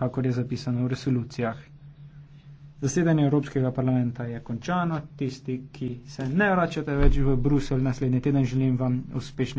kakor je zapisano v resolucijah. Zasedanje Evropskega parlamenta je končano. Tisti, ki se ne vračate več v Bruselj naslednji teden, želim vam uspešne.